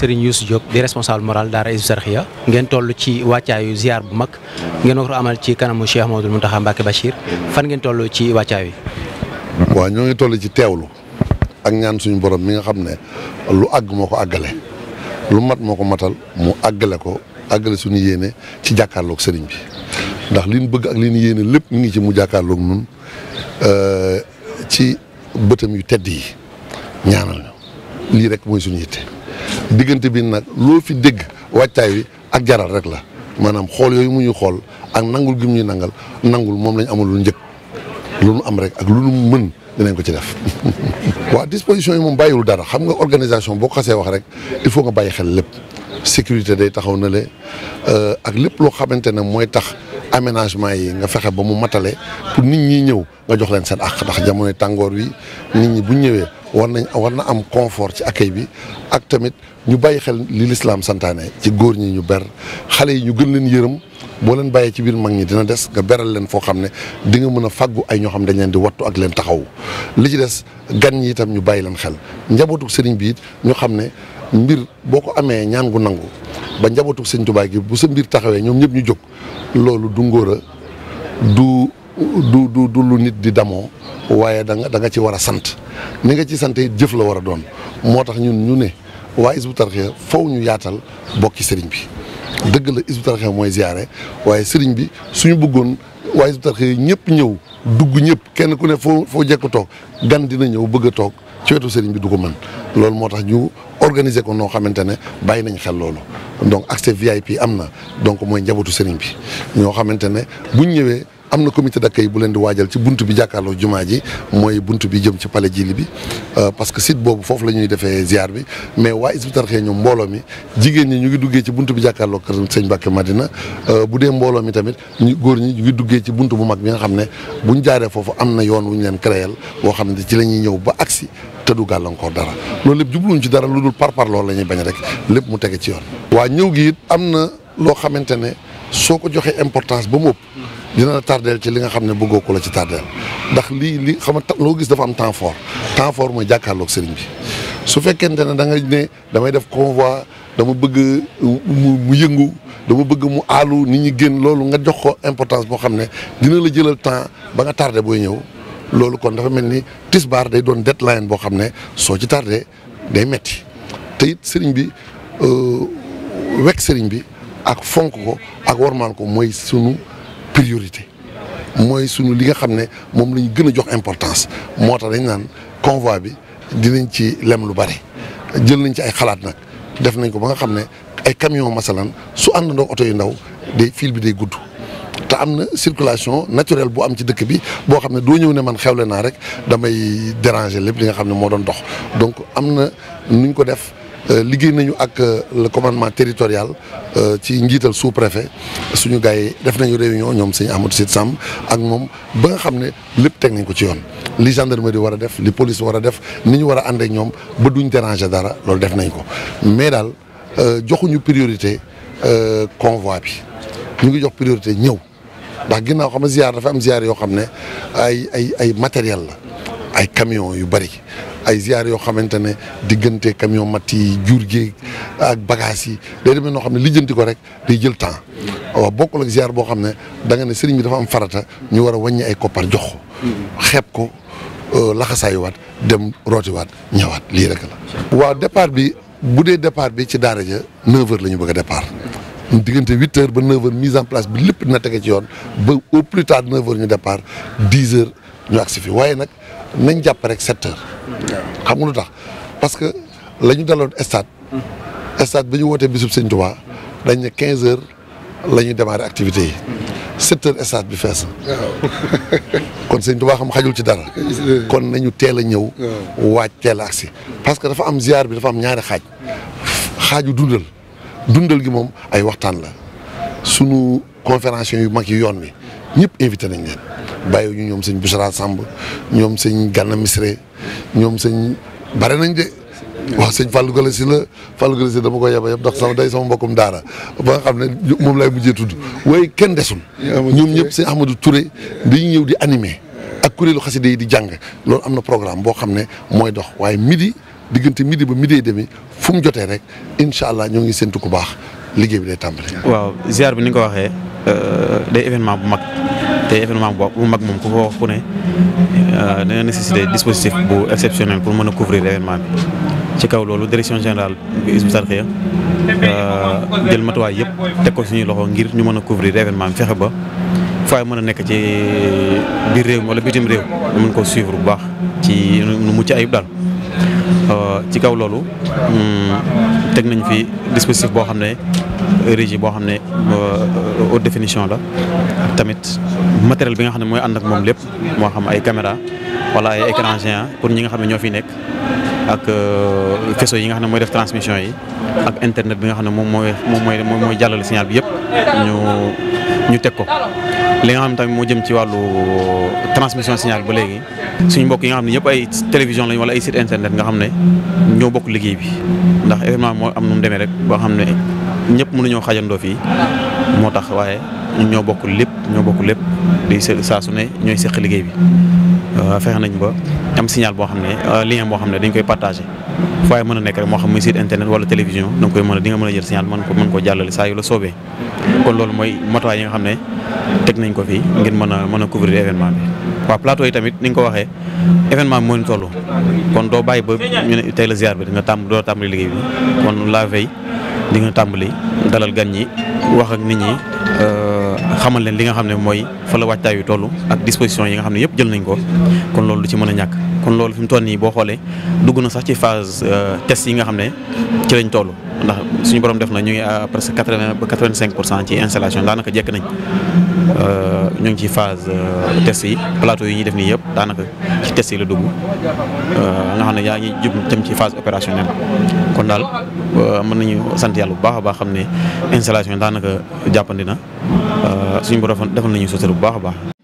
Serigne Youssou Diop di responsable moral daara Hizbut Tarqiyyah ngeen toll ci wàccaayu ziar bu mag ngeen war amal ci kanamu Cheikh Mouhamadoul Mountakha Mbacké Bachir fan ngeen toll ci wàccaay wi. waaw ñoo ngi toll ci teewlu ak ñaan suñu borom mi nga xam ne lu àgg moo ko àggale lu mat moo ko matal mu àggale ko àggale suñu yéene ci jàkkaarloog sëriñ bi ndax li ñu bëgg ak li ñu lépp mu ngi ci mu jàkkaarloog nun euh, ci bëtam yu tedd yi ñaanal ñu lii rek mooy suñu yitte. diggante bi nag loo fi dégg wàccaay wi ak jaral rek la maanaam xool yooyu mu ñu xool ak nangul gi mu ñuy nangal nangul moom lañ amul lu njëkk lu nu am rek ak lu nu mën dinañ ko ci def. waaw disposition yi moom bàyyiwul dara xam nga organisation boo xasee wax rek il faut nga bàyyi xel lépp sécurité day taxaw na le euh, ak lépp loo xamante ne mooy tax. aménagement yi nga fexe ba mu matale pour nit ñi ñëw nga jox leen seen àq ndax jamono tàngoor bi nit ñi bu ñëwee war nañ war na am confort ci accueil bi ak tamit ñu bàyyi xel li lislaam santaane ci góor ñi ñu ber xale yi ñu gën leen yërëm boo leen bàyyee ci biir mag ñi dina des nga beral leen foo xam ne di nga mën a faggu ay ñoo xam ne dañ leen di wattu ak leen taxaw li ci des gan ñi itam ñu bàyyi leen xel njabootu sëriñ bi it ñu xam ne mbir boo ko amee ñaan gu nangu ba njabootu sëñ Tuubaa gi bu sa mbir taxawee ñoom ñëpp ñu jóg loolu du ngóora du du du lu nit di damoo waaye da danga ci war a sant ni nga ci sant jëf la war a doon moo tax ñun ñu ne waa Hizbut Tarqiyyah faw ñu yaatal bokki sëriñ bi dëgg la Hizbut Tarqiyyah mooy ziyaare waaye sëriñ bi suñu buggoon waaye Hizbut Tarqiyyah ñëpp ñëw dugg ñëpp kenn ku ne foo foo jekk toog gan dina ñëw bëgg a toog ci wetu sëriñ bi du ko mën loolu moo tax ñu organiser ko noo xamante ne bàyyi nañ xel loolu donc accès VIP am na donc mooy njabootu sëriñ bi ñoo xamante ne buñ ñëwee. am na commité comité d'accueil bu leen di waajal ci bunt bi jàkkaarloo jumaa ji mooy bunt bi jëm ci palais Djily bi euh, parce que site boobu foofu la ñuy defee ziar bi mais waa Hizbut Tarqiyyah mbooloo mi jigéen ñi ñu ngi duggee ci bunt bi jàkkaarloo kër sëñ Mbacké Madina euh, bu dee mbooloo mi tamit ñu góor ñi ñu ngi duggee ci bunt bu mag bi nga xam ne buñ jaaree foofu am na yoon wuñ leen créel boo xam ne ci la ñuy ñëw ba agsi te du gàllankoor dara loolu lépp jubluñ ci dara lu dul par loolu la ñuy bañ rek lépp mu tege ci yoon waa ñëw it am na loo xamante ne soo ko joxee importance ba dina la tardeel ci li nga xam ne bëggoo ko la ci tardeel ndax lii li xam nga loo gis dafa am temps fort temps fort mooy jàkkaarloog sëriñ bi su fekkente ne da nga ne damay def convoi dama bëgg mu yëngu dama bëgg mu aalu ni ñi génn loolu nga jox ko importance boo xam ne dina la jëlal temps ba nga tardé booy ñëw loolu kon dafa mel ni tisbaar day doon deadline boo xam ne soo ci tardé day metti te it sëriñ bi euh, wekk sëriñ bi ak fonk ko ak wormaal ko mooy priorité mooy sunu li nga xam ne moom la ñu gën a jox importance moo tax dañ naan convoi bi dinañ ci lem lu bari jël nañ ci ay xalaat nag def nañ ko ba nga xam ne ay camion masalan su ndox oto yu ndaw day fil bi day gudd te am na circulation naturelle boo am ci dëkk bi boo xam ne doo ñëw ne man xewle naa rek damay déranger lépp li nga xam ne moo doon dox donc am na nuñ ko def Euh, liggéey nañu ak euh, le commandement territorial euh, ci njiital sous préfet suñu gars yi def nañu réunion ñoom sëñ Amadou Sid Samb ak moom ba nga xam ne lépp teg nañ ko ci yoon li gendarmerie war a def li police war a def ni ñu war a ànd ñoom ba duñ déranger dara loolu def nañ ko mais daal joxuñu priorité convoi bi ñu ngi jox priorité ñëw ndax ginnaaw xam ne ziar dafa am ziar yoo xam ne ay ay ay matériel la ay camion yu bari ay ziar yoo xamante ne diggante camion mat yi jur géeg ak bagage yi day demee noo xam ne lijjanti ko rek day jël temps waa bokk ak ziar boo xam ne da ne sëriñ bi dafa am farata ñu war a wàññi ay koppar jox ko xeeb ko euh, laxasaayuwaat dem rootiwaat ñëwaat lii rek la. waaw départ bi bu dee départ bi ci daara ja 9h la ñu bëgg a diggante huit heures ba neuf mise en place bi lépp dina tege ci yoon ba au plus tard neuf heures ñu départ dix fi waaye nag nañ jàpp rek sept xam nga lu tax parce que la ñu daloon stade. stade bi ñu wootee bisub Sëñ Tuubaa dañ ne quinze heures la ñuy démarrer activités yi. 7 heures stade bi fees na. kon Sëñ Tuubaa xam xajul ci dara. kon nañu teel a ñëw. waaj teel ak si parce que dafa am ziar bi dafa am ñaari xaaj. xaaju dundal dundal gi moom ay waxtaan la sunu conférence yu mag yu yoon wi ñëpp invité nañ leen. bàyyi ñu ñoom sëñ Bouchra Samb ñoom sëñ Gana Misré ñoom sëñ bare nañ de waaw sëñ Fallou Gala si la Fallou Gala si dama koy yaba yëpp ndax day sama mbokkum daara ba nga xam ne moom laay mujjee tudd waaye kenn desul ñoom ñëpp sëñ Ahmadou Touré dañuy ñëw di animé ak kuréelu xasi yi di jàng loolu am na programme boo xam ne mooy dox waaye midi diggante midi ba midi demi fu mu jotee rek incha allah ñoo ngi séntu ku baax liggéey bi day tàmbali. waaw ziar bi ni nga ko waxee euh, day événement bu mag. te événement bu mag moom ku fa wax ku ne euh, dina nécessité dispositif bu exceptionnel pour mën a couvrir événement bi ci kaw loolu direction générale bu Hizbut Tarqiyyah euh, jël matuwaay yëpp teg ko suñuy loxo ngir ñu mën a couvrir événement bi fexe ba fooy mën a nekk ci biir réew mi wala bitim réew ñu mën ko suivre bu baax ci nu mucc ayib daal euh, ci kaw loolu hmm, teg nañ fi dispositif boo xam ne régie boo xam ne euh, haute definition la tamit matériel bi nga xam ne mooy ànd ak moom lépp moo xam ay caméra wala ay écran pour ñi nga xam ne ñoo fi nekk ak euh, faisceau yi nga xam ne mooy def transmission yi ak internet bi nga xam ne moom mooy moom mooy mooy jàllale signal bi yëpp ñu ñu teg ko li nga xam ne tamit moo jëm ci wàllu euh, transmission signal ba léegi suñu mbokk yi nga xam ne ñëpp ay télévision lañ wala ay site internet nga xam ne ñoo bokk liggéey bi ndax événement moo am nu mu demee rek boo xam ne ñëpp mënuñoo xajandoo fii moo tax waaye ñun ñoo bokk lépp ñoo bokk lépp di saa su ne ñooy seq liggéey bi euh, fexe nañ ba am signal boo xam ne euh, lien boo xam ne dañ koy partagé foo ay mën a nekk rek moo xam muy site internet wala télévision da nga koy mën a di nga mën a jël signal mën ko mën ko saa yu la soobee kon loolu mooy matuwaay yi nga xam ne teg nañ ko fii ngir mën a mën a couvrir événement bi waaw plateau yi tamit ni nga ko waxee événement bi moo ñu toll kon doo bàyyi ba ñu ne tey la ziar bi di nga tàmm doo tàmbali liggéey bi kon la veille di nga tàmbali dalal gan ñi wax ak nit ñi euh, xamal leen li nga xam ne mooy fa la waajtaayu toll ak disposition yi nga xam ne yëpp jël nañ ko kon loolu du ci mën a ñàkk. kon loolu fi mu toll nii boo xoolee dugg na sax ci phase euh, test yi nga xam ne ci lañ toolu ndax suñu borom def na ñu ngi à presque quatre vingt ba quatre vingt cinq pour cent ci installation daanaka jekk nañ euh, ñu ngi ci phase test yi plateau yi ñuy def nii yëpp daanaka. test yi la dugg euh, nga xam ne yaa ngi jub jëm ci phase opérationnelle kon daal euh, mën nañu sant yàlla bu baax a baax xam ne installation yi daanaka jàppandi na euh, suñu borom defal nañu sottal bu baax a baax.